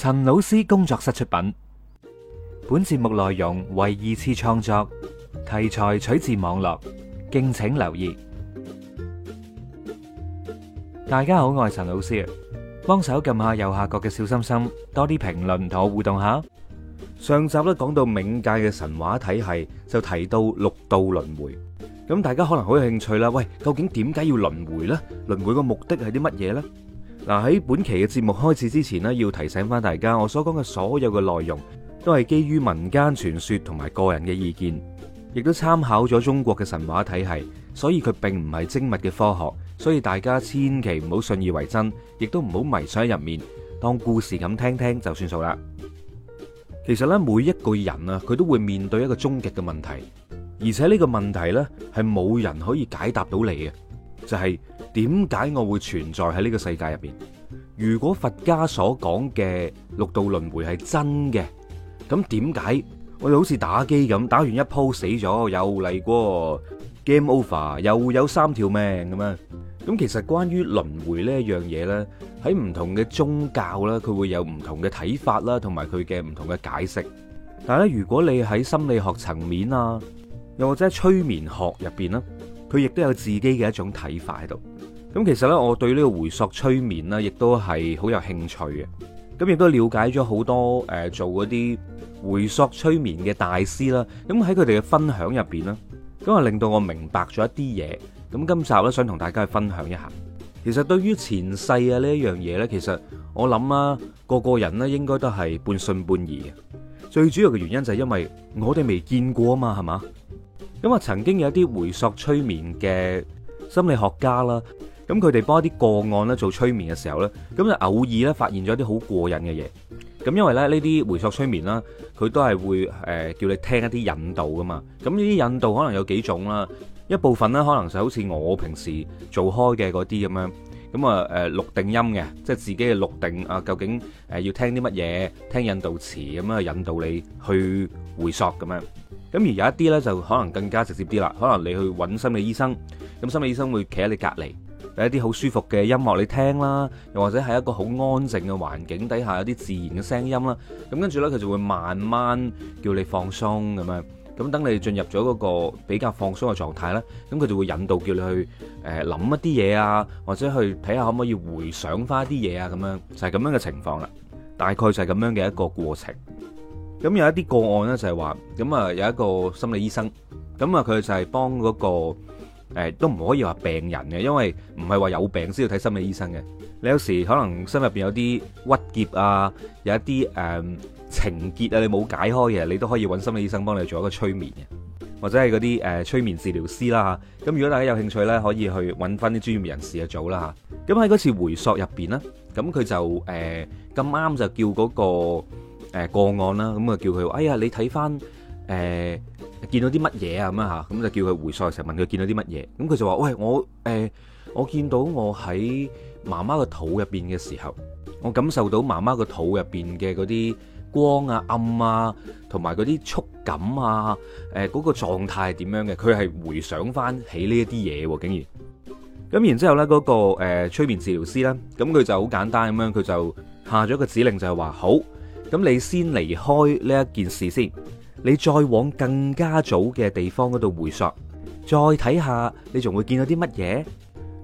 陳老師工作室出品，本節目內容為二次創作，題材取自網絡，敬請留意。大家好，我係陳老師，幫手撳下右下角嘅小心心，多啲評論同我互動下。上集咧講到冥界嘅神話體系，就提到六道輪迴，咁大家可能好有興趣啦。喂，究竟點解要輪迴呢？輪迴嘅目的係啲乜嘢呢？嗱，喺本期嘅節目開始之前呢，要提醒翻大家，我所講嘅所有嘅內容都係基於民間傳說同埋個人嘅意見，亦都參考咗中國嘅神話體系，所以佢並唔係精密嘅科學，所以大家千祈唔好信以為真，亦都唔好迷上入面，當故事咁聽聽就算數啦。其實咧，每一個人啊，佢都會面對一個終極嘅問題，而且呢個問題呢，係冇人可以解答到你嘅，就係。點解我會存在喺呢個世界入邊？如果佛家所講嘅六道輪迴係真嘅，咁點解我哋好似打機咁打完一鋪死咗又嚟過 game over，又有三條命咁啊？咁其實關於輪迴呢一樣嘢呢，喺唔同嘅宗教呢，佢會有唔同嘅睇法啦，同埋佢嘅唔同嘅解釋。但係咧，如果你喺心理學層面啊，又或者喺催眠學入邊啦，佢亦都有自己嘅一種睇法喺度。咁其實咧，我對呢個回溯催眠呢，亦都係好有興趣嘅。咁亦都了解咗好多誒，做嗰啲回溯催眠嘅大師啦。咁喺佢哋嘅分享入邊啦，咁啊令到我明白咗一啲嘢。咁今集呢，想同大家去分享一下。其實對於前世啊呢一樣嘢呢，其實我諗啊，個個人呢應該都係半信半疑嘅。最主要嘅原因就係因為我哋未見過啊嘛，係嘛？咁啊，曾經有啲回溯催眠嘅心理學家啦。咁佢哋幫一啲個案咧做催眠嘅時候咧，咁就偶爾咧發現咗啲好過癮嘅嘢。咁因為咧呢啲回溯催眠啦，佢都係會誒叫你聽一啲引導㗎嘛。咁呢啲引導可能有幾種啦，一部分咧可能就好似我平時做開嘅嗰啲咁樣。咁啊誒錄定音嘅，即係自己嘅錄定啊，究竟誒要聽啲乜嘢，聽引導詞咁啊引導你去回溯咁樣。咁而有一啲咧就可能更加直接啲啦，可能你去揾心理醫生，咁心理醫生會企喺你隔離。有一啲好舒服嘅音樂你聽啦，又或者係一個好安靜嘅環境底下有啲自然嘅聲音啦，咁跟住呢，佢就會慢慢叫你放鬆咁樣，咁等你進入咗嗰個比較放鬆嘅狀態啦，咁佢就會引導叫你去誒諗一啲嘢啊，或者去睇下可唔可以回想翻啲嘢啊，咁樣就係咁樣嘅情況啦，大概就係咁樣嘅一個過程。咁有一啲個案呢，就係話，咁啊有一個心理醫生，咁啊佢就係幫嗰個。誒，都唔可以話病人嘅，因為唔係話有病先要睇心理醫生嘅。你有時可能心入邊有啲鬱結啊，有一啲誒、呃、情結啊，你冇解開嘅，你都可以揾心理醫生幫你做一個催眠嘅，或者係嗰啲誒催眠治療師啦吓。咁如果大家有興趣呢，可以去揾翻啲專業人士去做啦吓。咁喺嗰次回溯入邊呢，咁佢就誒咁啱就叫嗰、嗰個誒、呃、個案啦，咁啊叫佢，哎呀，你睇翻。誒、呃、見到啲乜嘢啊？咁樣吓，咁就叫佢回溯，成問問佢見到啲乜嘢。咁佢就話：喂，我誒、呃、我見到我喺媽媽個肚入面嘅時候，我感受到媽媽個肚入面嘅嗰啲光啊、暗啊，同埋嗰啲觸感啊。嗰、呃，那個狀態係點樣嘅？佢係回想翻起呢一啲嘢喎，竟然咁，然之後咧嗰、那個、呃、催眠治療師咧，咁佢就好簡單咁樣，佢就下咗個指令就係、是、話好咁，你先離開呢一件事先。你再往更加早嘅地方嗰度回溯，再睇下，你仲會見到啲乜嘢？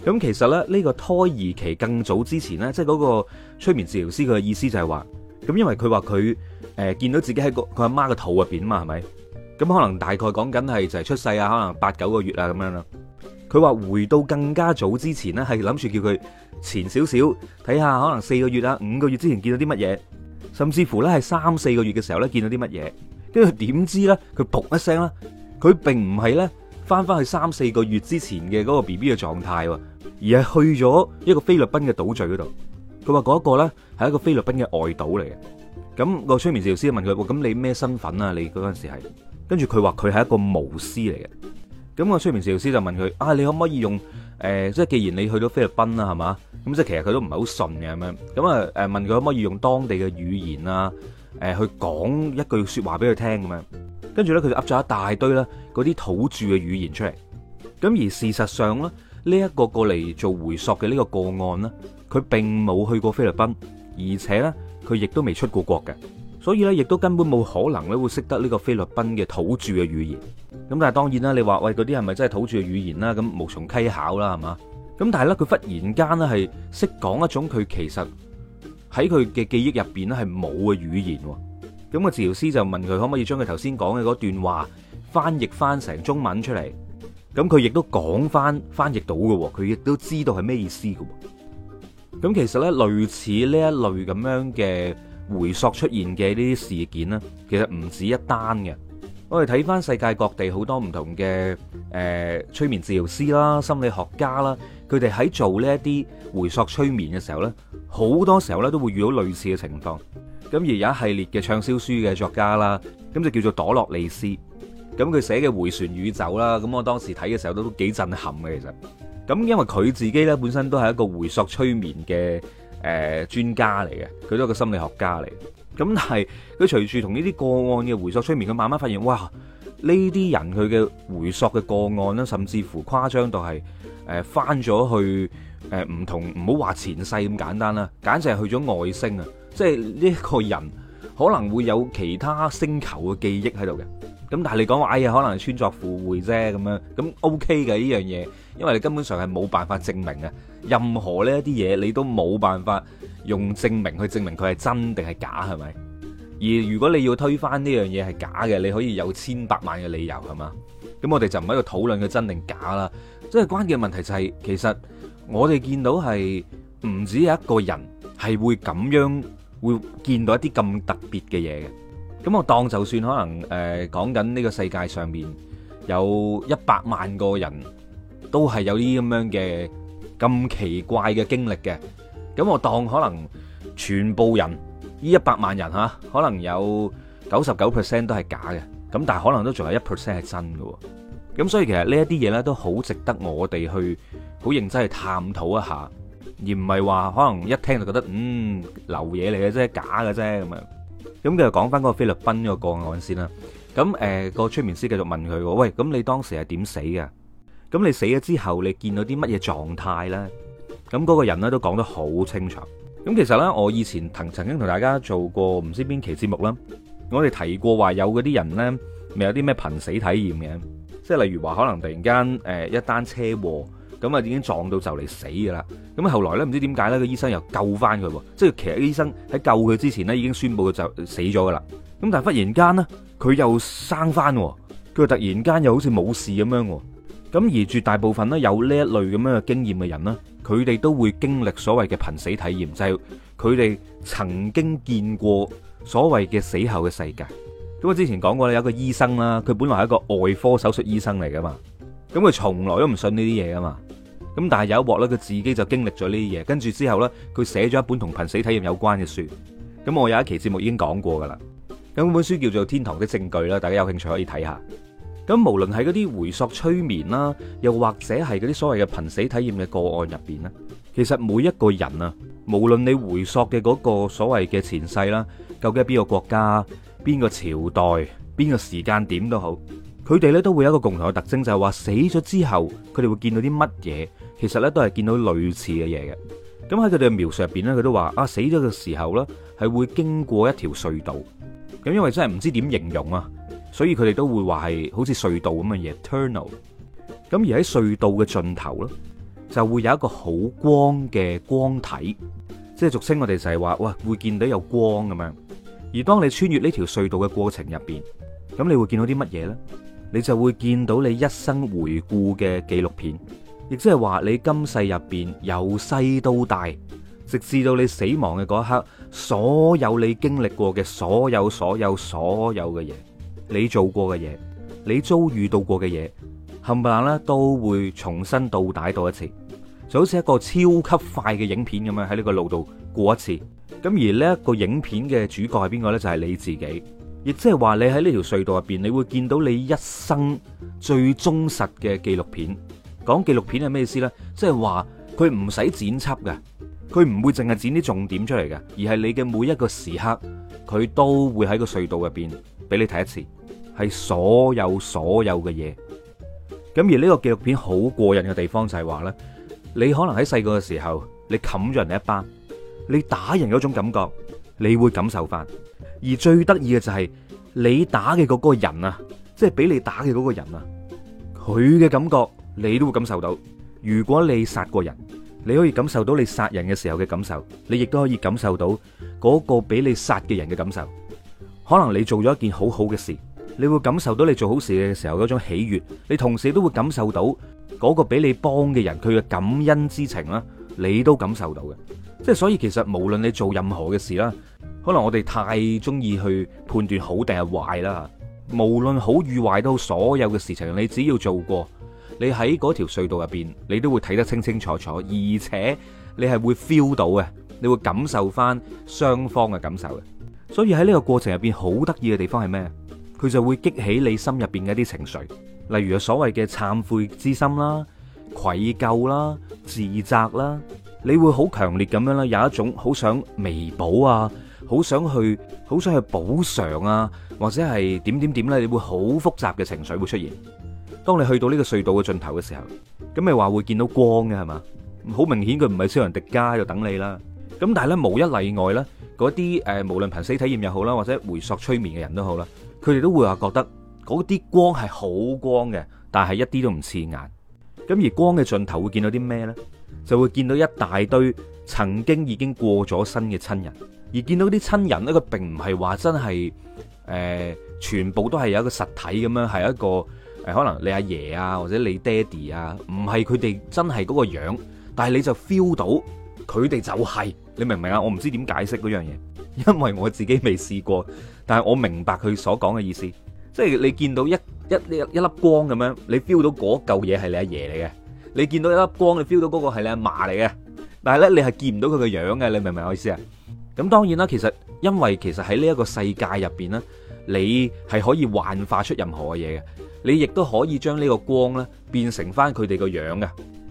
咁其實咧，呢個胎兒期更早之前呢，即係嗰個催眠治療師佢嘅意思就係話咁，因為佢話佢誒見到自己喺個佢阿媽嘅肚入邊啊嘛，係咪？咁可能大概講緊係就係出世啊，可能八九個月啊咁樣啦。佢話回到更加早之前呢，係諗住叫佢前少少睇下，看看可能四個月啊，五個月之前見到啲乜嘢，甚至乎呢，係三四個月嘅時候咧見到啲乜嘢。跟住點知咧？佢「噗」一聲啦！佢並唔係咧翻翻去三四個月之前嘅嗰個 B B 嘅狀態，而係去咗一個菲律賓嘅島嶼嗰度。佢話嗰個咧係一個菲律賓嘅外島嚟嘅。咁、那個催眠治療師問佢：咁你咩身份啊？你嗰陣時係？跟住佢話佢係一個巫師嚟嘅。咁、那個催眠治療師就問佢：啊，你可唔可以用，誒、呃，即係既然你去咗菲律賓啦，係嘛？咁即係其實佢都唔係好信嘅咁樣。咁啊誒，問佢可唔可以用當地嘅語言啊？誒，去講一句說話俾佢聽咁樣，跟住呢，佢就噏咗一大堆啦，嗰啲土著嘅語言出嚟。咁而事實上咧，呢一個過嚟做回溯嘅呢個個案呢，佢並冇去過菲律賓，而且呢，佢亦都未出過國嘅，所以呢，亦都根本冇可能咧會識得呢個菲律賓嘅土著嘅語言。咁但係當然啦，你話喂嗰啲係咪真係土著嘅語言啦？咁無從稽考啦，係嘛？咁但係呢，佢忽然間呢，係識講一種佢其實。喺佢嘅記憶入邊咧係冇嘅語言，咁個治療師就問佢可唔可以將佢頭先講嘅嗰段話翻譯翻成中文出嚟，咁佢亦都講翻翻譯到嘅，佢亦都知道係咩意思嘅。咁其實呢類似呢一類咁樣嘅回溯出現嘅呢啲事件呢，其實唔止一單嘅。我哋睇翻世界各地好多唔同嘅誒、呃、催眠治療師啦、心理學家啦，佢哋喺做呢一啲回溯催眠嘅時候呢，好多時候呢都會遇到類似嘅情況。咁而有一系列嘅暢銷書嘅作家啦，咁就叫做朵洛利斯。咁佢寫嘅《回旋宇宙》啦，咁我當時睇嘅時候都幾震撼嘅。其實，咁因為佢自己呢本身都係一個回溯催眠嘅誒專家嚟嘅，佢都係個心理學家嚟。咁但係佢隨住同呢啲個案嘅回溯催眠，佢慢慢發現，哇！呢啲人佢嘅回溯嘅個案呢，甚至乎誇張到係誒翻咗去。誒，唔同唔好話前世咁簡單啦，簡直係去咗外星啊！即係呢個人可能會有其他星球嘅記憶喺度嘅。咁但係你講話哎呀，可能穿鑿附會啫咁樣，咁 OK 嘅呢樣嘢，因為你根本上係冇辦法證明啊。任何呢一啲嘢，你都冇辦法用證明去證明佢係真定係假，係咪？而如果你要推翻呢樣嘢係假嘅，你可以有千百萬嘅理由係嘛？咁我哋就唔喺度討論佢真定假啦。即係關鍵問題就係、是，其實。我哋見到係唔止有一個人係會咁樣會見到一啲咁特別嘅嘢嘅，咁我當就算可能誒講緊呢個世界上面有一百萬個人都係有呢啲咁樣嘅咁奇怪嘅經歷嘅，咁我當可能全部人呢一百萬人嚇，可能有九十九 percent 都係假嘅，咁但係可能都仲有一 percent 係真嘅，咁所以其實呢一啲嘢呢都好值得我哋去。好認真去探討一下，而唔係話可能一聽就覺得嗯流嘢嚟嘅啫，假嘅啫咁樣。咁佢又講翻嗰個菲律賓呢個個案先啦。咁誒個催眠師繼續問佢：喂，咁你當時係點死㗎？咁你死咗之後，你見到啲乜嘢狀態咧？咁嗰個人咧都講得好清楚。咁其實咧，我以前曾曾經同大家做過唔知邊期節目啦，我哋提過話有嗰啲人咧，咪有啲咩瀕死體驗嘅，即係例如話可能突然間、呃、一單車禍。咁啊，已經撞到就嚟死噶啦！咁後來咧，唔知點解咧，個醫生又救翻佢，即係其實醫生喺救佢之前咧，已經宣布佢就死咗噶啦。咁但係忽然間咧，佢又生翻，佢突然間又好似冇事咁樣。咁而絕大部分咧，有呢一類咁樣嘅經驗嘅人呢，佢哋都會經歷所謂嘅瀕死體驗，就係佢哋曾經見過所謂嘅死後嘅世界。咁我之前講過呢，有一個醫生啦，佢本來係一個外科手術醫生嚟噶嘛。咁佢從來都唔信呢啲嘢，啊嘛，咁但係有一鑊咧，佢自己就經歷咗呢啲嘢，跟住之後呢，佢寫咗一本同瀕死體驗有關嘅書。咁我有一期節目已經講過噶啦，咁本書叫做《天堂的證據》啦，大家有興趣可以睇下。咁無論係嗰啲回溯催眠啦，又或者係嗰啲所謂嘅瀕死體驗嘅個案入邊呢，其實每一個人啊，無論你回溯嘅嗰個所謂嘅前世啦，究竟係邊個國家、邊個朝代、邊個時間點都好。佢哋咧都會有一個共同嘅特徵，就係話死咗之後，佢哋會見到啲乜嘢？其實咧都係見到類似嘅嘢嘅。咁喺佢哋嘅描述入邊咧，佢都話啊死咗嘅時候咧，係會經過一條隧道。咁因為真係唔知點形容啊，所以佢哋都會話係好似隧道咁嘅嘢。Tunnel。咁而喺隧道嘅盡頭咧，就會有一個好光嘅光體，即係俗稱我哋就係話哇會見到有光咁樣。而當你穿越呢條隧道嘅過程入邊，咁你會見到啲乜嘢咧？你就會見到你一生回顧嘅紀錄片，亦即係話你今世入邊由細到大，直至到你死亡嘅嗰一刻，所有你經歷過嘅所有、所有、所有嘅嘢，你做過嘅嘢，你遭遇到過嘅嘢，冚唪唥咧都會重新倒帶倒一次，就好似一個超級快嘅影片咁樣喺呢個路度過一次。咁而呢一個影片嘅主角係邊個呢？就係、是、你自己。亦即係話，你喺呢條隧道入邊，你會見到你一生最忠實嘅紀錄片。講紀錄片係咩意思呢？即係話佢唔使剪輯嘅，佢唔會淨係剪啲重點出嚟嘅，而係你嘅每一個時刻，佢都會喺個隧道入邊俾你睇一次，係所有所有嘅嘢。咁而呢個紀錄片好過癮嘅地方就係話呢，你可能喺細個嘅時候，你冚咗人哋一巴，你打人嗰種感覺，你會感受翻。而最得意嘅就係你打嘅嗰個人啊，即係俾你打嘅嗰個人啊，佢嘅感覺你都會感受到。如果你殺過人，你可以感受到你殺人嘅時候嘅感受，你亦都可以感受到嗰個俾你殺嘅人嘅感受。可能你做咗一件好好嘅事，你會感受到你做好事嘅時候嗰種喜悅，你同時都會感受到嗰個俾你幫嘅人佢嘅感恩之情啦，你都感受到嘅。即係所以，其實無論你做任何嘅事啦，可能我哋太中意去判斷好定係壞啦。無論好與壞，都所有嘅事情，你只要做過，你喺嗰條隧道入面，你都會睇得清清楚楚，而且你係會 feel 到嘅，你會感受翻雙方嘅感受嘅。所以喺呢個過程入面，好得意嘅地方係咩？佢就會激起你心入面嘅一啲情緒，例如所謂嘅懺悔之心啦、愧疚啦、自責啦。你會好強烈咁樣啦，有一種好想彌補啊，好想去，好想去補償啊，或者係點點點呢？你會好複雜嘅情緒會出現。當你去到呢個隧道嘅盡頭嘅時候，咁咪話會見到光嘅係嘛？好明顯佢唔係超人迪迦喺度等你啦。咁但係呢，無一例外呢，嗰啲誒無論瀕死體驗又好啦，或者回溯催眠嘅人都好啦，佢哋都會話覺得嗰啲光係好光嘅，但係一啲都唔刺眼。咁而光嘅盡頭會見到啲咩呢？就會見到一大堆曾經已經過咗身嘅親人，而見到啲親人呢，佢並唔係話真係誒、呃，全部都係有一個實體咁樣，係一個誒、呃，可能你阿爺啊，或者你爹哋啊，唔係佢哋真係嗰個樣，但係你就 feel 到佢哋就係、是，你明唔明啊？我唔知點解釋嗰樣嘢，因為我自己未試過，但係我明白佢所講嘅意思，即係你見到一一一粒光咁樣，你 feel 到嗰嚿嘢係你阿爺嚟嘅。你見到一粒光，你 feel 到嗰個係你阿嫲嚟嘅，但係咧你係見唔到佢個樣嘅，你明唔明我意思啊？咁當然啦，其實因為其實喺呢一個世界入邊咧，你係可以幻化出任何嘅嘢嘅，你亦都可以將呢個光咧變成翻佢哋個樣嘅，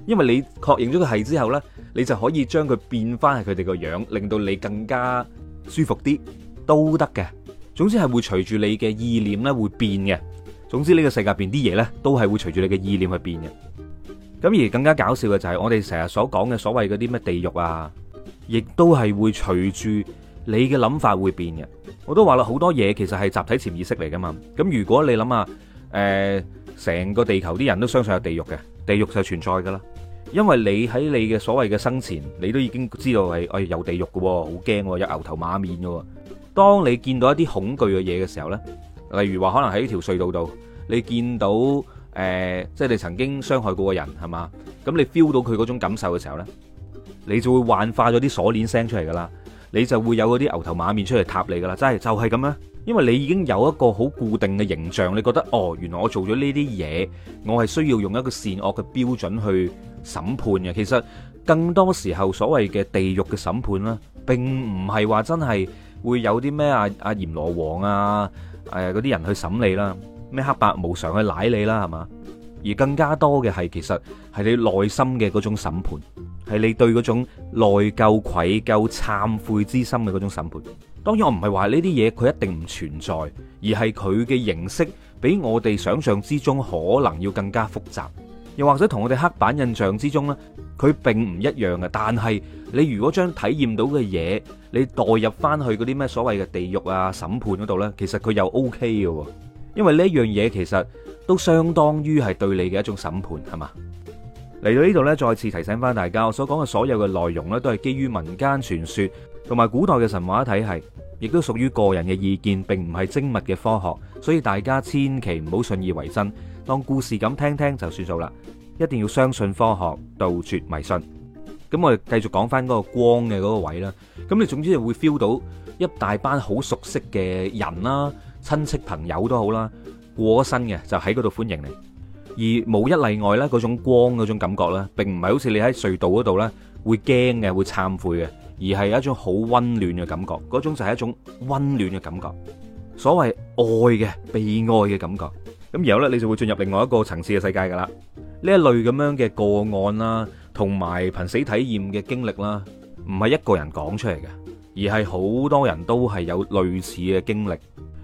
因為你確認咗佢係之後咧，你就可以將佢變翻佢哋個樣，令到你更加舒服啲都得嘅。總之係會隨住你嘅意念咧會變嘅。總之呢個世界入邊啲嘢咧都係會隨住你嘅意念去變嘅。咁而更加搞笑嘅就係我哋成日所講嘅所謂嗰啲咩地獄啊，亦都係會隨住你嘅諗法會變嘅。我都話啦，好多嘢其實係集體潛意識嚟噶嘛。咁如果你諗下，誒、呃，成個地球啲人都相信有地獄嘅，地獄就存在噶啦。因為你喺你嘅所謂嘅生前，你都已經知道係誒有地獄嘅，好驚，有牛頭馬面嘅。當你見到一啲恐懼嘅嘢嘅時候呢，例如話可能喺條隧道度，你見到。誒、呃，即係你曾經傷害過嘅人係嘛？咁你 feel 到佢嗰種感受嘅時候呢，你就會幻化咗啲鎖鏈聲出嚟噶啦，你就會有嗰啲牛頭馬面出嚟揼你噶啦，真係就係咁啦。因為你已經有一個好固定嘅形象，你覺得哦，原來我做咗呢啲嘢，我係需要用一個善惡嘅標準去審判嘅。其實更多時候，所謂嘅地獄嘅審判啦，並唔係話真係會有啲咩阿阿閻羅王啊，誒嗰啲人去審你啦。咩黑白無常去奶你啦，係嘛？而更加多嘅係，其實係你內心嘅嗰種審判，係你對嗰種內疚、愧疚、懺悔之心嘅嗰種審判。當然，我唔係話呢啲嘢佢一定唔存在，而係佢嘅形式比我哋想象之中可能要更加複雜，又或者同我哋黑板印象之中呢，佢並唔一樣嘅。但係你如果將體驗到嘅嘢，你代入翻去嗰啲咩所謂嘅地獄啊審判嗰度呢，其實佢又 OK 嘅。因為呢樣嘢，其實都相當於係對你嘅一種審判，係嘛？嚟到呢度呢，再次提醒翻大家，我所講嘅所有嘅內容呢，都係基於民間傳說同埋古代嘅神話體系，亦都屬於個人嘅意見，並唔係精密嘅科學，所以大家千祈唔好信以為真，當故事咁聽聽就算數啦。一定要相信科學，杜絕迷信。咁我哋繼續講翻嗰個光嘅嗰個位啦。咁你總之就會 feel 到一大班好熟悉嘅人啦。親戚朋友都好啦，過咗身嘅就喺嗰度歡迎你，而冇一例外咧。嗰種光嗰種感覺咧，並唔係好似你喺隧道嗰度咧會驚嘅，會懺悔嘅，而係一種好温暖嘅感覺。嗰種就係一種温暖嘅感覺，所謂愛嘅被愛嘅感覺。咁然後咧，你就會進入另外一個層次嘅世界㗎啦。呢一類咁樣嘅個案啦，同埋瀕死體驗嘅經歷啦，唔係一個人講出嚟嘅，而係好多人都係有類似嘅經歷。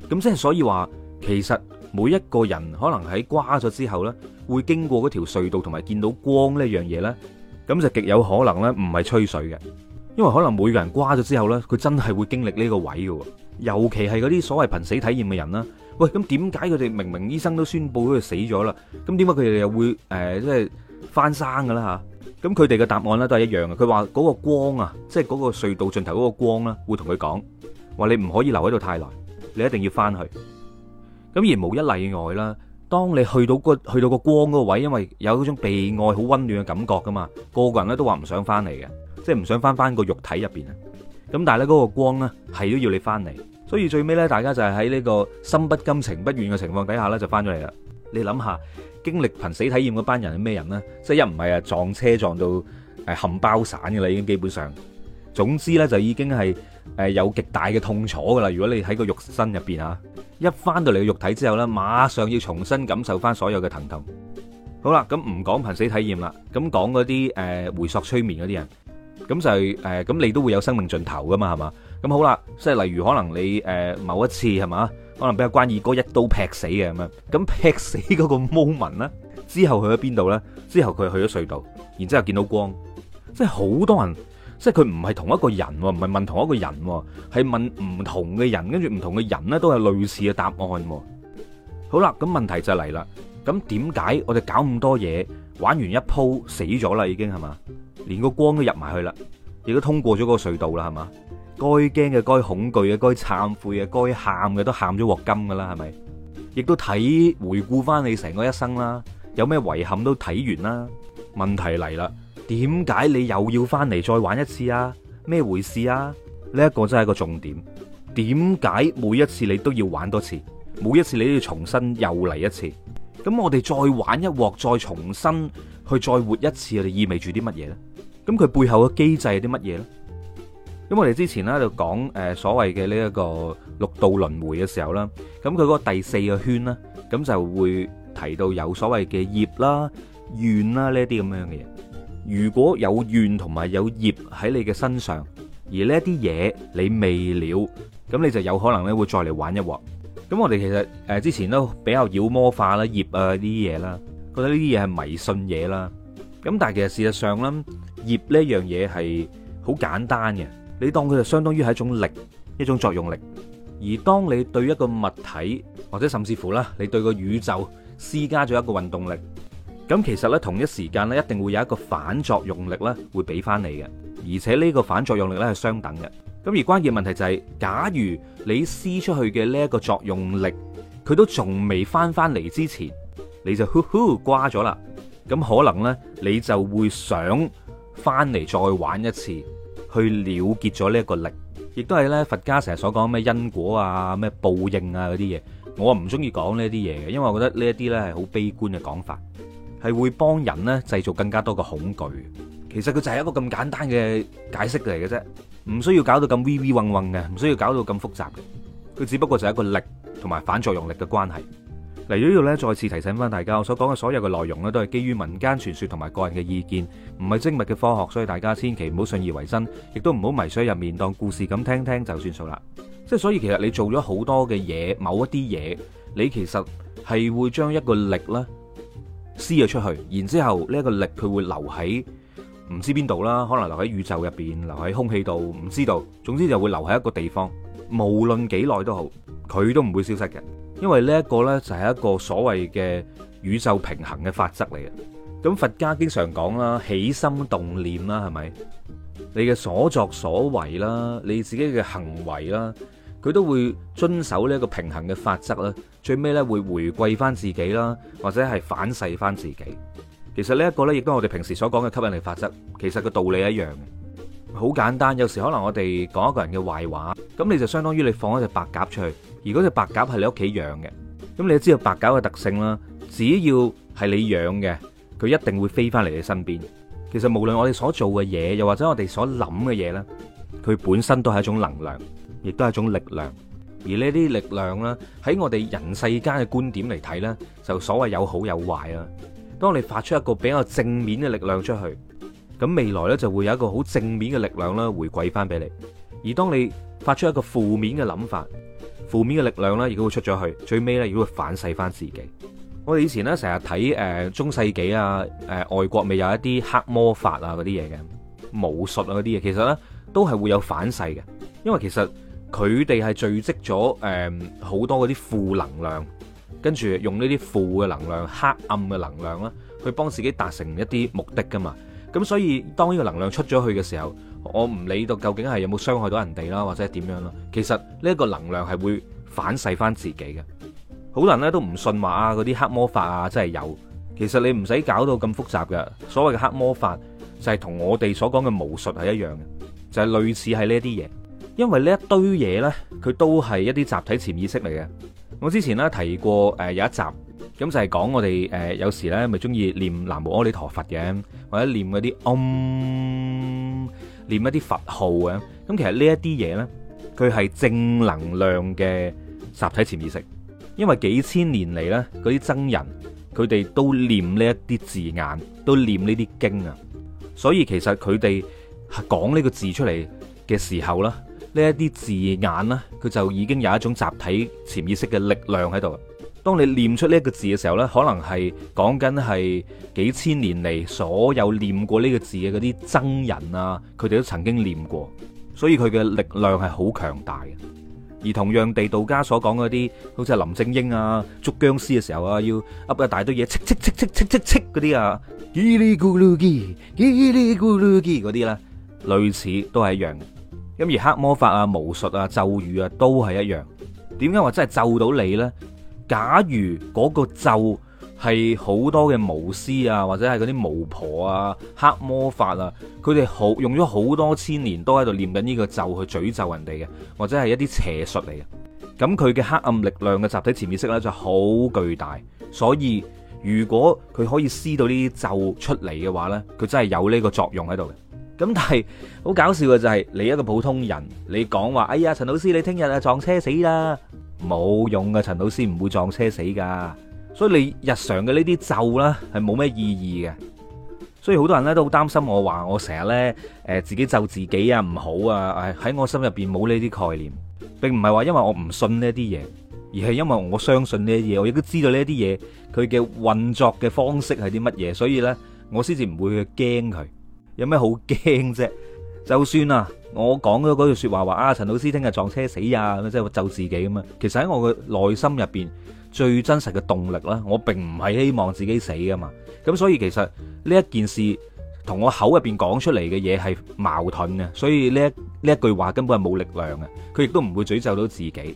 咁即係所以話，其實每一個人可能喺瓜咗之後呢，會經過嗰條隧道同埋見到光呢一樣嘢呢，咁就極有可能呢唔係吹水嘅，因為可能每個人瓜咗之後呢，佢真係會經歷呢個位嘅喎。尤其係嗰啲所謂瀕死體驗嘅人啦，喂，咁點解佢哋明明醫生都宣布佢死咗啦，咁點解佢哋又會誒即係翻生㗎啦吓？咁佢哋嘅答案呢都係一樣嘅，佢話嗰個光啊，即係嗰個隧道盡頭嗰個光啦，會同佢講話你唔可以留喺度太耐。你一定要翻去，咁而無一例外啦。當你去到個去到個光嗰個位，因為有嗰種被愛好溫暖嘅感覺噶嘛，個個人咧都話唔想翻嚟嘅，即係唔想翻翻個肉體入邊啊。咁但係咧嗰個光呢，係都要你翻嚟，所以最尾呢，大家就係喺呢個心不甘情不願嘅情況底下呢，就翻咗嚟啦。你諗下，經歷瀕死體驗嗰班人係咩人呢？即係一唔係啊撞車撞到係冚包散嘅啦，已經基本上。總之呢，就已經係。誒，有極大嘅痛楚噶啦！如果你喺個肉身入邊吓，一翻到嚟，個肉體之後呢，馬上要重新感受翻所有嘅疼痛。好啦，咁唔講瀕死體驗啦，咁講嗰啲誒回溯催眠嗰啲人，咁就誒、係，咁你都會有生命盡頭噶嘛，係嘛？咁好啦，即係例如可能你誒某一次係嘛，可能俾阿關二哥一刀劈死嘅咁樣，咁劈死嗰個 moment 咧，之後去咗邊度呢？之後佢去咗隧道，然之後見到光，即係好多人。即係佢唔係同一個人，唔係問同一個人，係問唔同嘅人，跟住唔同嘅人咧都係類似嘅答案。好啦，咁問題就嚟啦。咁點解我哋搞咁多嘢，玩完一鋪死咗啦，已經係嘛？連個光都入埋去啦，亦都通過咗個隧道啦，係嘛？該驚嘅、該恐懼嘅、該懺悔嘅、該喊嘅都喊咗獲金㗎啦，係咪？亦都睇回顧返你成個一生啦，有咩遺憾都睇完啦。問題嚟啦。點解你又要翻嚟再玩一次啊？咩回事啊？呢一個真係一個重點。點解每一次你都要玩多次？每一次你都要重新又嚟一次？咁我哋再玩一鑊，再重新去再活一次，我哋意味住啲乜嘢呢？咁佢背後嘅機制係啲乜嘢呢？咁我哋之前咧就講誒所謂嘅呢一個六道輪回嘅時候啦，咁佢嗰個第四個圈啦，咁就會提到有所謂嘅業啦、怨啦呢啲咁樣嘅嘢。如果有怨同埋有孽喺你嘅身上，而呢一啲嘢你未了，咁你就有可能咧會再嚟玩一鑊。咁我哋其實誒之前都比較妖魔化啦，孽啊呢啲嘢啦，覺得呢啲嘢係迷信嘢啦。咁但係其實事實上呢，孽呢樣嘢係好簡單嘅。你當佢就相當於係一種力，一種作用力。而當你對一個物體或者甚至乎啦，你對個宇宙施加咗一個運動力。咁其實咧，同一時間咧，一定會有一個反作用力咧，會俾翻你嘅。而且呢個反作用力咧，係相等嘅。咁而關鍵問題就係，假如你施出去嘅呢一個作用力，佢都仲未翻翻嚟之前，你就呼呼刮咗啦。咁可能呢，你就會想翻嚟再玩一次，去了結咗呢一個力。亦都係呢佛家成日所講咩因果啊、咩報應啊嗰啲嘢，我唔中意講呢啲嘢嘅，因為我覺得呢一啲呢係好悲觀嘅講法。係會幫人咧製造更加多嘅恐懼，其實佢就係一個咁簡單嘅解釋嚟嘅啫，唔需要搞到咁 v v 嗡嗡嘅，唔需要搞到咁複雜嘅，佢只不過就係一個力同埋反作用力嘅關係。嚟咗呢度呢，再次提醒翻大家，我所講嘅所有嘅內容咧，都係基於民間傳說同埋個人嘅意見，唔係精密嘅科學，所以大家千祈唔好信以為真，亦都唔好迷喺入面當故事咁聽聽就算數啦。即係所以其實你做咗好多嘅嘢，某一啲嘢，你其實係會將一個力咧。撕咗出去，然之後呢個力佢會留喺唔知邊度啦，可能留喺宇宙入邊，留喺空氣度，唔知道。總之就會留喺一個地方，無論幾耐都好，佢都唔會消失嘅，因為呢一個呢，就係一個所謂嘅宇宙平衡嘅法則嚟嘅。咁佛家經常講啦，起心動念啦，係咪？你嘅所作所為啦，你自己嘅行為啦。佢都會遵守呢一個平衡嘅法則啦，最尾咧會回歸翻自己啦，或者係反噬翻自己。其實呢一個咧，亦都係我哋平時所講嘅吸引力法則，其實個道理一樣，好簡單。有時可能我哋講一個人嘅壞話，咁你就相當於你放一隻白鴿出去，而嗰隻白鴿係你屋企養嘅，咁你都知道白鴿嘅特性啦。只要係你養嘅，佢一定會飛翻嚟你身邊。其實無論我哋所做嘅嘢，又或者我哋所諗嘅嘢呢，佢本身都係一種能量。亦都係一種力量，而呢啲力量咧，喺我哋人世間嘅觀點嚟睇呢，就所謂有好有壞啦。當你發出一個比較正面嘅力量出去，咁未來呢就會有一個好正面嘅力量啦，回饋翻俾你。而當你發出一個負面嘅諗法、負面嘅力量呢，亦都會出咗去，最尾呢，亦都會反噬翻自己。我哋以前呢，成日睇呃、中世紀啊、呃、外國咪有一啲黑魔法啊嗰啲嘢嘅武術啊嗰啲嘢，其實呢都係會有反噬嘅，因為其實。佢哋係聚積咗誒好多嗰啲負能量，跟住用呢啲負嘅能量、黑暗嘅能量啦，去幫自己達成一啲目的㗎嘛。咁所以當呢個能量出咗去嘅時候，我唔理到究竟係有冇傷害到人哋啦，或者點樣啦。其實呢個能量係會反噬返自己嘅。好多人咧都唔信話啊，嗰啲黑魔法啊真係有。其實你唔使搞到咁複雜嘅，所謂嘅黑魔法就係同我哋所講嘅巫術係一樣嘅，就係、是、類似係呢啲嘢。因為呢一堆嘢呢佢都係一啲集體潛意識嚟嘅。我之前呢提過，誒有一集咁就係講我哋誒有時呢咪中意念南無阿彌陀佛嘅，或者念嗰啲「嗡」、念一啲佛號嘅。咁其實呢一啲嘢呢，佢係正能量嘅集體潛意識，因為幾千年嚟呢，嗰啲僧人佢哋都念呢一啲字眼，都念呢啲經啊，所以其實佢哋講呢個字出嚟嘅時候呢。呢一啲字眼咧，佢就已經有一種集體潛意識嘅力量喺度。當你念出呢一個字嘅時候咧，可能係講緊係幾千年嚟所有念過呢個字嘅嗰啲僧人啊，佢哋都曾經念過，所以佢嘅力量係好強大嘅。而同樣地，道家所講嗰啲，好似林正英啊捉僵屍嘅時候啊，要噏一大堆嘢，嘁嘁嘁嘁嘁嘁嘁嗰啲啊，嘰哩咕嚕嘰嘰哩咕嚕嗰啲咧，類似都係一樣。咁而黑魔法啊、巫術啊、咒語啊，都係一樣。點解話真係咒到你呢？假如嗰個咒係好多嘅巫師啊，或者係嗰啲巫婆啊、黑魔法啊，佢哋好用咗好多千年都喺度念緊呢個咒去詛咒人哋嘅，或者係一啲邪術嚟嘅。咁佢嘅黑暗力量嘅集體潛意識呢就好巨大，所以如果佢可以施到呢啲咒出嚟嘅話呢，佢真係有呢個作用喺度嘅。咁但係好搞笑嘅就係、是、你一個普通人，你講話，哎呀，陳老師你聽日啊撞車死啦，冇用噶、啊，陳老師唔會撞車死噶，所以你日常嘅呢啲咒啦係冇咩意義嘅，所以好多人咧都好擔心，我話我成日咧誒自己咒自己啊唔好啊，誒喺我心入邊冇呢啲概念，並唔係話因為我唔信呢啲嘢，而係因為我相信呢啲嘢，我亦都知道呢啲嘢佢嘅運作嘅方式係啲乜嘢，所以咧我先至唔會去驚佢。有咩好驚啫？就算啊，我講咗嗰句說話話啊，陳老師聽日撞車死啊，即係咒自己咁嘛。其實喺我嘅內心入面，最真實嘅動力啦，我並唔係希望自己死噶嘛。咁所以其實呢一件事同我口入面講出嚟嘅嘢係矛盾嘅，所以呢一呢一句話根本係冇力量嘅。佢亦都唔會詛咒到自己。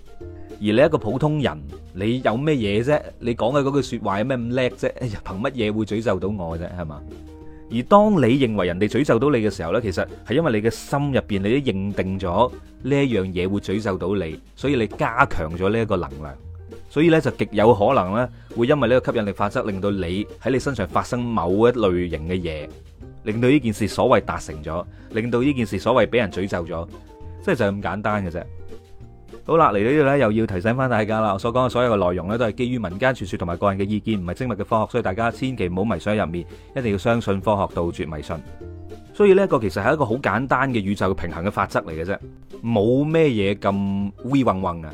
而你一個普通人，你有咩嘢啫？你講嘅嗰句説話有咩咁叻啫？哎呀，憑乜嘢會詛咒到我啫？係嘛？而當你認為人哋詛咒到你嘅時候呢，其實係因為你嘅心入邊你都認定咗呢一樣嘢會詛咒到你，所以你加強咗呢一個能量，所以呢，就極有可能呢會因為呢個吸引力法則令到你喺你身上發生某一類型嘅嘢，令到呢件事所謂達成咗，令到呢件事所謂俾人詛咒咗，即係就咁簡單嘅啫。好啦，嚟到呢度呢，又要提醒翻大家啦，我所講嘅所有嘅內容呢，都係基於民間傳說同埋個人嘅意見，唔係精密嘅科學，所以大家千祈唔好迷信入面，一定要相信科學，杜絕迷信。所以呢個其實係一個好簡單嘅宇宙平衡嘅法則嚟嘅啫，冇咩嘢咁 we 混混嘅。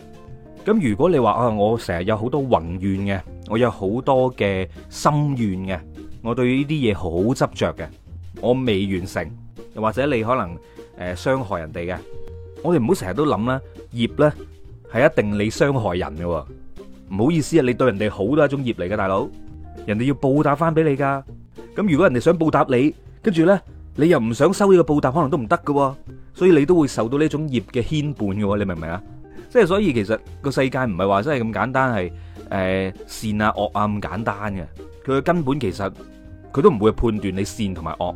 咁如果你話啊，我成日有好多宏願嘅，我有好多嘅心願嘅，我對呢啲嘢好執着嘅，我未完成，又或者你可能誒傷害人哋嘅。我哋唔好成日都諗咧，業咧係一定你傷害人嘅。唔好意思啊，你對人哋好都係一種業嚟嘅，大佬。人哋要報答翻俾你噶。咁如果人哋想報答你，跟住咧，你又唔想收呢個報答，可能都唔得㗎。所以你都會受到呢種業嘅牽絆嘅。你明唔明啊？即係所以其實個世界唔係話真係咁簡單，係誒善啊惡啊咁簡單嘅。佢嘅根本其實佢都唔會判斷你善同埋惡。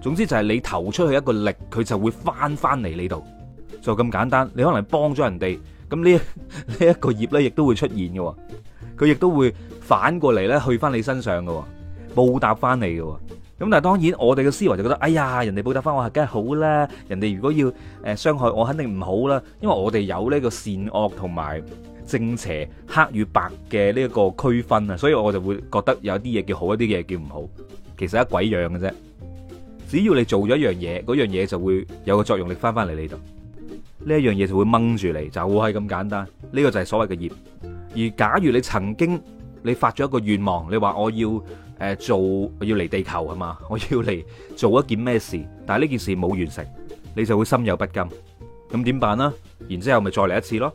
總之就係你投出去一個力，佢就會翻翻嚟你度。就咁簡單，你可能幫咗人哋，咁呢呢一個業咧，亦都會出現嘅。佢亦都會反過嚟咧，去翻你身上嘅，報答翻你嘅。咁但係當然我哋嘅思維就覺得，哎呀，人哋報答翻我係梗係好啦。人哋如果要誒傷害我，肯定唔好啦。因為我哋有呢個善惡同埋正邪黑與白嘅呢一個區分啊，所以我就會覺得有啲嘢叫好，有啲嘢叫唔好。其實一鬼樣嘅啫，只要你做咗一樣嘢，嗰樣嘢就會有個作用力翻翻嚟你度。呢一樣嘢就會掹住你，就會係咁簡單。呢個就係所謂嘅業。而假如你曾經你發咗一個願望，你話我要誒做，我要嚟地球係嘛，我要嚟做一件咩事，但係呢件事冇完成，你就會心有不甘。咁點辦啦？然之後咪再嚟一次咯。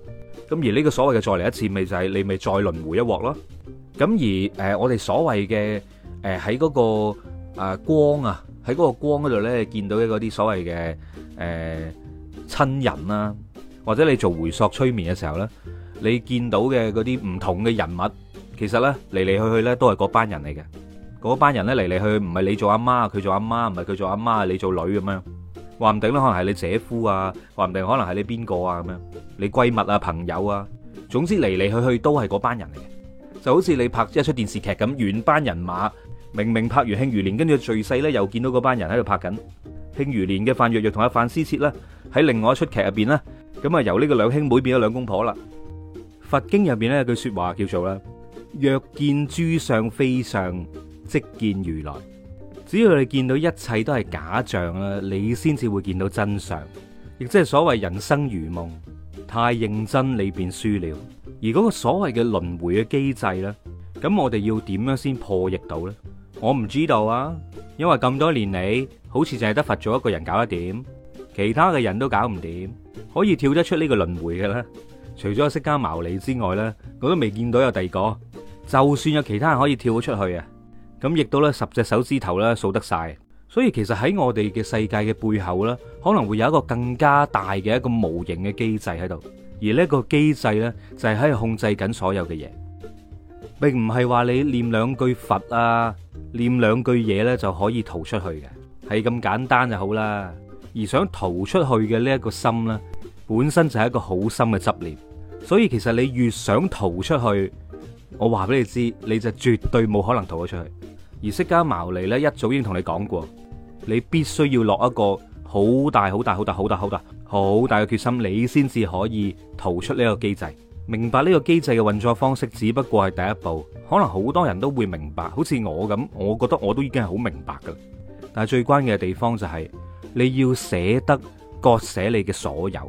咁而呢個所謂嘅再嚟一次，咪就係你咪再輪迴一鑊咯。咁而誒我哋所謂嘅誒喺嗰個誒光啊，喺嗰個光嗰度呢見到嘅嗰啲所謂嘅誒。親人啊，或者你做回溯催眠嘅時候咧，你見到嘅嗰啲唔同嘅人物，其實咧嚟嚟去去咧都係嗰班人嚟嘅。嗰班人咧嚟嚟去，唔係你做阿媽，佢做阿媽，唔係佢做阿媽，你做女咁樣，話唔定咧可能係你姐夫啊，話唔定可能係你邊個啊咁樣，你閨蜜啊朋友啊，總之嚟嚟去去都係嗰班人嚟嘅，就好似你拍一出電視劇咁，原班人馬明明拍完慶餘年，跟住最細咧又見到嗰班人喺度拍緊慶餘年嘅范若若同阿范思轍啦。喺另外一齣劇入邊咧，咁啊由呢個兩兄妹變咗兩公婆啦。佛經入邊咧有句說話叫做啦：若見諸相非相，即見如來。只要你見到一切都係假象啦，你先至會見到真相，亦即係所謂人生如夢。太認真你便輸了。而嗰個所謂嘅輪迴嘅機制咧，咁我哋要點樣先破譯到咧？我唔知道啊，因為咁多年嚟，好似淨係得佛祖一個人搞得掂。其他嘅人都搞唔掂，可以跳得出呢個輪迴嘅咧。除咗釋迦牟尼之外咧，我都未見到有第二個。就算有其他人可以跳咗出去啊，咁亦都咧十隻手指頭咧數得晒。所以其實喺我哋嘅世界嘅背後咧，可能會有一個更加大嘅一個無形嘅機制喺度，而呢一個機制咧就係喺度控制緊所有嘅嘢，並唔係話你念兩句佛啊，念兩句嘢咧就可以逃出去嘅，係咁簡單就好啦。而想逃出去嘅呢一個心咧，本身就係一個好深嘅執念，所以其實你越想逃出去，我話俾你知，你就絕對冇可能逃得出去。而釋迦牟尼咧，一早已經同你講過，你必須要落一個好大、好大、好大、好大、好大、好大嘅決心，你先至可以逃出呢個機制。明白呢個機制嘅運作方式，只不過係第一步。可能好多人都會明白，好似我咁，我覺得我都已經係好明白噶。但係最關鍵嘅地方就係、是。你要捨得割捨你嘅所有，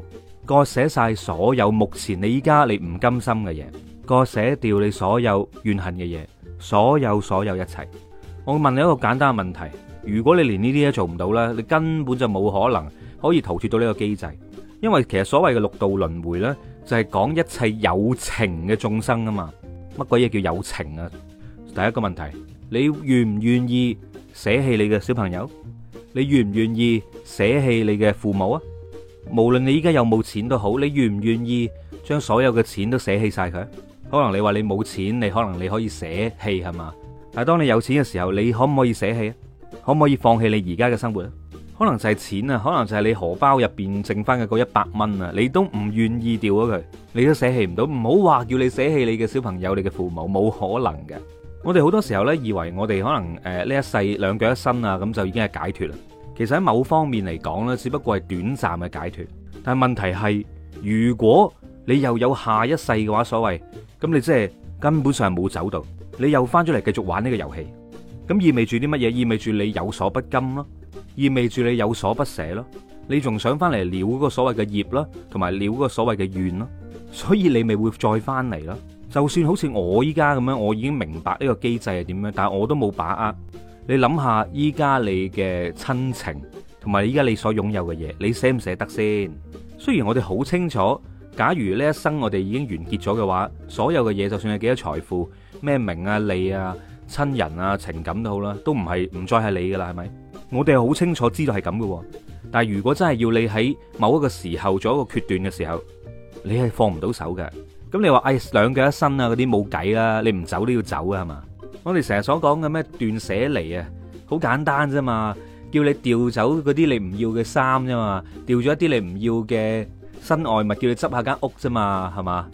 割捨晒所有目前你依家你唔甘心嘅嘢，割捨掉你所有怨恨嘅嘢，所有所有一切。我問你一個簡單嘅問題：如果你連呢啲都做唔到咧，你根本就冇可能可以逃脱到呢個機制，因為其實所謂嘅六道輪迴呢，就係講一切有情嘅眾生啊嘛。乜鬼嘢叫有情啊？第一個問題，你願唔願意捨棄你嘅小朋友？你願唔願意捨棄你嘅父母啊？無論你依家有冇錢都好，你願唔願意將所有嘅錢都捨棄晒佢？可能你話你冇錢，你可能你可以捨棄，係嘛？但當你有錢嘅時候，你可唔可以捨棄啊？可唔可以放棄你而家嘅生活啊？可能就係錢啊，可能就係你荷包入邊剩翻嘅嗰一百蚊啊，你都唔願意掉咗佢，你都捨棄唔到。唔好話叫你捨棄你嘅小朋友、你嘅父母，冇可能嘅。我哋好多時候呢，以為我哋可能誒呢一世兩腳一伸啊，咁就已經係解脫啦。其實喺某方面嚟講呢，只不過係短暫嘅解脫。但問題係，如果你又有下一世嘅話，所謂咁你即係根本上係冇走到，你又翻出嚟繼續玩呢個遊戲，咁意味住啲乜嘢？意味住你有所不甘咯，意味住你有所不捨咯，你仲想翻嚟撩嗰個所謂嘅業啦，同埋撩嗰個所謂嘅怨咯，所以你咪會再翻嚟咯。就算好似我依家咁樣，我已經明白呢個機制係點樣，但係我都冇把握。你諗下依家你嘅親情同埋依家你所擁有嘅嘢，你捨唔捨得先？雖然我哋好清楚，假如呢一生我哋已經完結咗嘅話，所有嘅嘢，就算係幾多財富、咩名啊利啊、親人啊情感都好啦，都唔係唔再係你噶啦，係咪？我哋好清楚知道係咁喎。但係如果真係要你喺某一個時候做一個決斷嘅時候，你係放唔到手嘅。咁你話哎兩腳一伸啊嗰啲冇計啦，你唔走都要走啊係嘛？我哋成日所講嘅咩斷捨離啊，好簡單啫嘛，叫你掉走嗰啲你唔要嘅衫啫嘛，掉咗一啲你唔要嘅身外物，叫你執下間屋啫嘛，係嘛？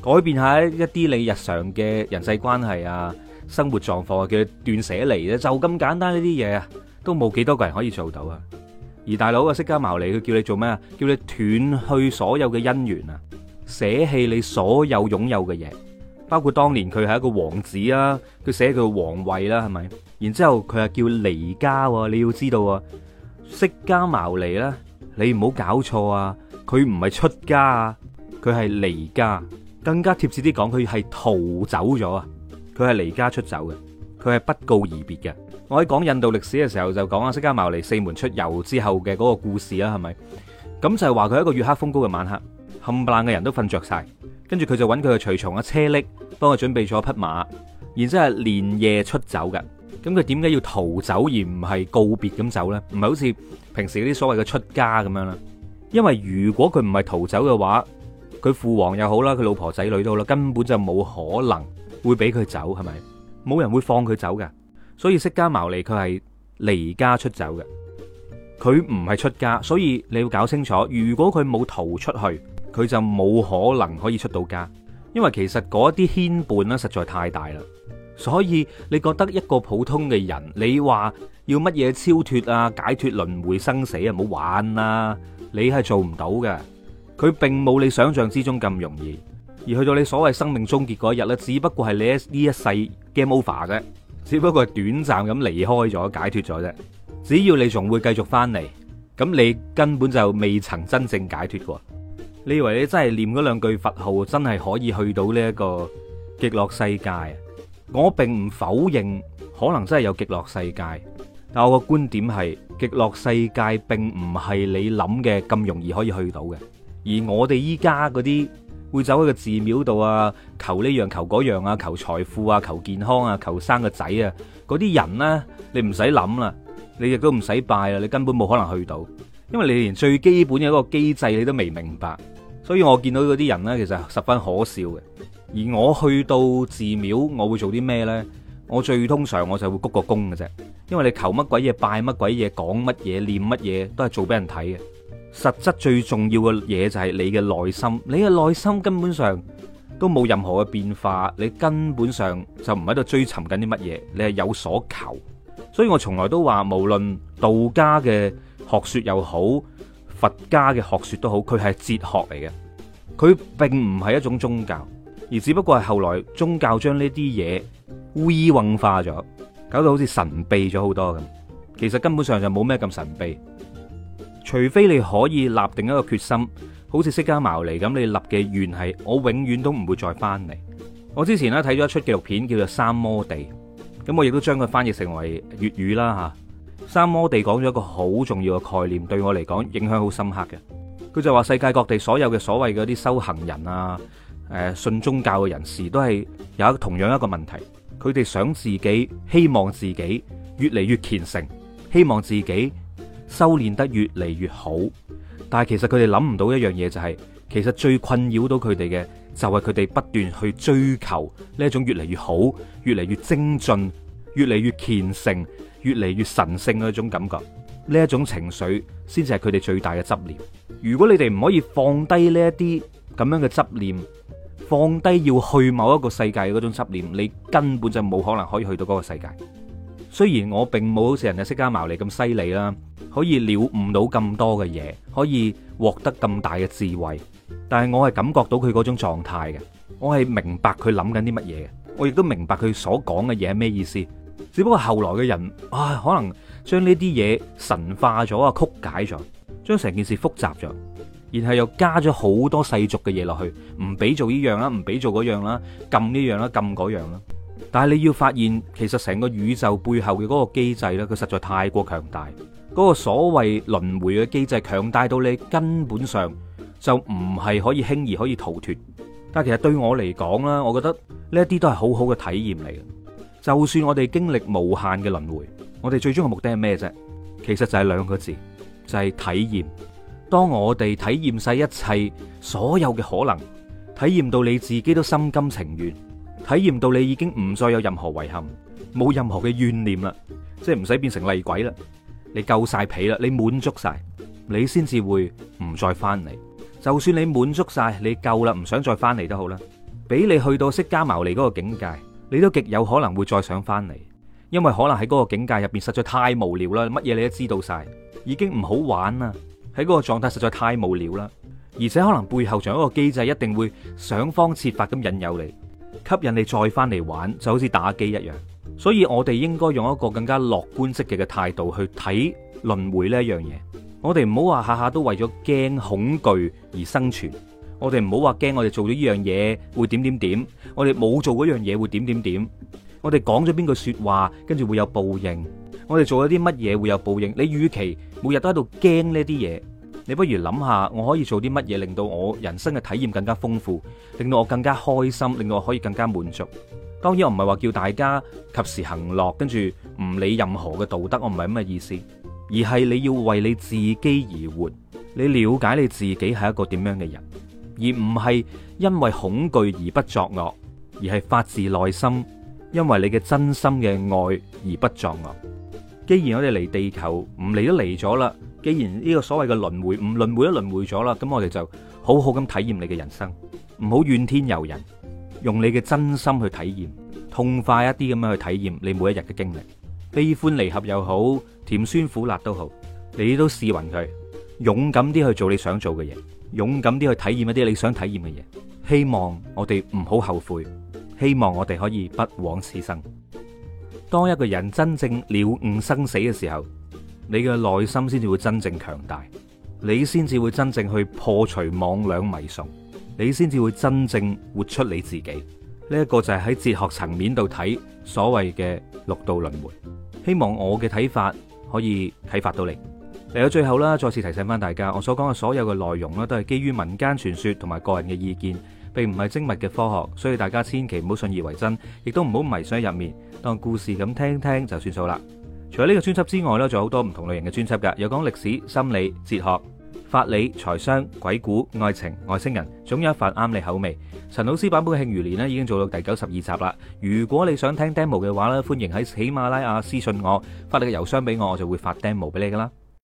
改變下一啲你日常嘅人際關係啊，生活狀況啊，叫你斷捨離啊，就咁簡單呢啲嘢啊，都冇幾多個人可以做到啊。而大佬啊，釋迦牟尼佢叫你做咩啊？叫你斷去所有嘅姻緣啊。捨棄你所有擁有嘅嘢，包括當年佢係一個王子啊，佢捨佢個皇位啦，係咪？然之後佢係叫離家，你要知道啊，釋迦牟尼啦，你唔好搞錯啊，佢唔係出家啊，佢係離家，更加貼切啲講，佢係逃走咗啊，佢係離家出走嘅，佢係不告而別嘅。我喺講印度歷史嘅時候就講啊，釋迦牟尼四門出遊之後嘅嗰個故事啊，係咪？咁就係話佢喺一個月黑風高嘅晚黑。冚唪唥嘅人都瞓着晒，跟住佢就揾佢嘅隨從阿車匿，幫佢準備咗一匹馬，然之後連夜出走嘅。咁佢點解要逃走而唔係告別咁走呢？唔係好似平時嗰啲所謂嘅出家咁樣啦。因為如果佢唔係逃走嘅話，佢父皇又好啦，佢老婆仔女都好啦，根本就冇可能會俾佢走，係咪？冇人會放佢走嘅。所以釋迦牟尼佢係離家出走嘅，佢唔係出家，所以你要搞清楚，如果佢冇逃出去。佢就冇可能可以出到家，因為其實嗰啲牽絆實在太大啦。所以你覺得一個普通嘅人，你話要乜嘢超脫啊、解脫輪迴生死啊，唔好玩啦、啊，你係做唔到嘅。佢並冇你想象之中咁容易，而去到你所謂生命終結嗰一日咧，只不過係你呢一世 game over 啫，只不過係短暫咁離開咗、解脫咗啫。只要你仲會繼續翻嚟，咁你根本就未曾真正解脫過。你以為你真係念嗰兩句佛號，真係可以去到呢一個極樂世界？我並唔否認可能真係有極樂世界，但我個觀點係極樂世界並唔係你諗嘅咁容易可以去到嘅。而我哋依家嗰啲會走喺個寺廟度啊，求呢樣求嗰樣啊，求財富啊，求健康啊，求生個仔啊，嗰啲人呢，你唔使諗啦，你亦都唔使拜啦，你根本冇可能去到，因為你連最基本嘅一個機制你都未明白。所以我見到嗰啲人呢，其實十分可笑嘅。而我去到寺廟，我會做啲咩呢？我最通常我就會鞠個躬嘅啫。因為你求乜鬼嘢、拜乜鬼嘢、講乜嘢、念乜嘢，都係做俾人睇嘅。實質最重要嘅嘢就係你嘅內心。你嘅內心根本上都冇任何嘅變化，你根本上就唔喺度追尋緊啲乜嘢。你係有所求，所以我從來都話無論道家嘅學説又好。佛家嘅學說都好，佢係哲學嚟嘅，佢並唔係一種宗教，而只不過係後來宗教將呢啲嘢烏衣混化咗，搞到好似神秘咗好多咁。其實根本上就冇咩咁神秘，除非你可以立定一個決心，好似釋迦牟尼咁，你立嘅願係我永遠都唔會再返嚟。我之前咧睇咗一齣紀錄片叫做《三摩地》，咁我亦都將佢翻譯成為粵語啦吓。三摩地講咗一個好重要嘅概念，對我嚟講影響好深刻嘅。佢就話世界各地所有嘅所謂嗰啲修行人啊，誒，信宗教嘅人士都係有一同樣一個問題，佢哋想自己，希望自己越嚟越虔誠，希望自己修煉得越嚟越好，但係其實佢哋諗唔到一樣嘢就係其實最困擾到佢哋嘅就係佢哋不斷去追求呢種越嚟越好，越嚟越精進，越嚟越虔誠，越嚟越神聖嗰種感覺，呢一種情緒先至係佢哋最大嘅執念。如果你哋唔可以放低呢一啲咁樣嘅執念，放低要去某一個世界嘅嗰種執念，你根本就冇可能可以去到嗰個世界。雖然我並冇好似人哋釋迦牟尼咁犀利啦，可以了悟到咁多嘅嘢，可以獲得咁大嘅智慧，但係我係感覺到佢嗰種狀態嘅，我係明白佢諗緊啲乜嘢，我亦都明白佢所講嘅嘢係咩意思。只不過後來嘅人啊，可能將呢啲嘢神化咗啊，曲解咗，將成件事複雜咗，然後又加咗好多世俗嘅嘢落去，唔俾做呢樣啦，唔俾做嗰樣啦，禁呢樣啦，禁嗰樣啦。但係你要發現，其實成個宇宙背後嘅嗰個機制咧，佢實在太過強大。嗰個所謂輪迴嘅機制強大到你根本上就唔係可以輕易可以逃脫。但其實對我嚟講啦，我覺得呢一啲都係好好嘅體驗嚟。就算我哋經歷無限嘅輪迴，我哋最終嘅目的係咩啫？其實就係兩個字，就係體驗。當我哋體驗晒一切所有嘅可能，體驗到你自己都心甘情願，體驗到你已經唔再有任何遺憾，冇任何嘅怨念啦，即係唔使變成厲鬼啦，你夠晒皮啦，你滿足晒，你先至會唔再翻嚟。就算你滿足晒，你夠啦，唔想再翻嚟都好啦，俾你去到釋迦牟尼嗰個境界。你都極有可能會再想翻嚟，因為可能喺嗰個境界入邊實在太無聊啦，乜嘢你都知道晒，已經唔好玩啦，喺嗰個狀態實在太無聊啦，而且可能背後仲有一個機制，一定會想方設法咁引誘你，吸引你再翻嚟玩，就好似打機一樣。所以我哋應該用一個更加樂觀積極嘅態度去睇輪迴呢一樣嘢，我哋唔好話下下都為咗驚恐懼而生存。我哋唔好話驚，我哋做咗呢樣嘢會點點點。我哋冇做嗰樣嘢會點點點。我哋講咗邊句說話，跟住會有報應。我哋做咗啲乜嘢會有報應？你與其每日都喺度驚呢啲嘢，你不如諗下，我可以做啲乜嘢令到我人生嘅體驗更加豐富，令到我更加開心，令到我可以更加滿足。當然，我唔係話叫大家及時行樂，跟住唔理任何嘅道德，我唔係咁嘅意思，而係你要為你自己而活，你了解你自己係一個點樣嘅人。而唔係因為恐懼而不作惡，而係發自內心，因為你嘅真心嘅愛而不作惡。既然我哋嚟地球唔嚟都嚟咗啦，既然呢個所謂嘅輪迴唔輪迴都輪迴咗啦，咁我哋就好好咁體驗你嘅人生，唔好怨天尤人，用你嘅真心去體驗，痛快一啲咁樣去體驗你每一日嘅經歷，悲歡離合又好，甜酸苦辣都好，你都試匀佢，勇敢啲去做你想做嘅嘢。勇敢啲去體驗一啲你想體驗嘅嘢，希望我哋唔好後悔，希望我哋可以不枉此生。當一個人真正了悟生死嘅時候，你嘅內心先至會真正強大，你先至會真正去破除妄想迷信，你先至會真正活出你自己。呢、這、一個就係喺哲學層面度睇所謂嘅六道輪迴。希望我嘅睇法可以啟發到你。嚟到最後啦，再次提醒翻大家，我所講嘅所有嘅內容咧，都係基於民間傳說同埋個人嘅意見，並唔係精密嘅科學，所以大家千祈唔好信以為真，亦都唔好迷信入面，當故事咁聽聽就算數啦。除咗呢個專輯之外咧，仲有好多唔同類型嘅專輯噶，有講歷史、心理、哲學、法理、財商、鬼故、愛情、外星人，總有一份啱你口味。陳老師版本嘅《慶餘年》咧已經做到第九十二集啦。如果你想聽 demo 嘅話咧，歡迎喺喜馬拉雅私信我，發你嘅郵箱俾我，我就會發 demo 俾你噶啦。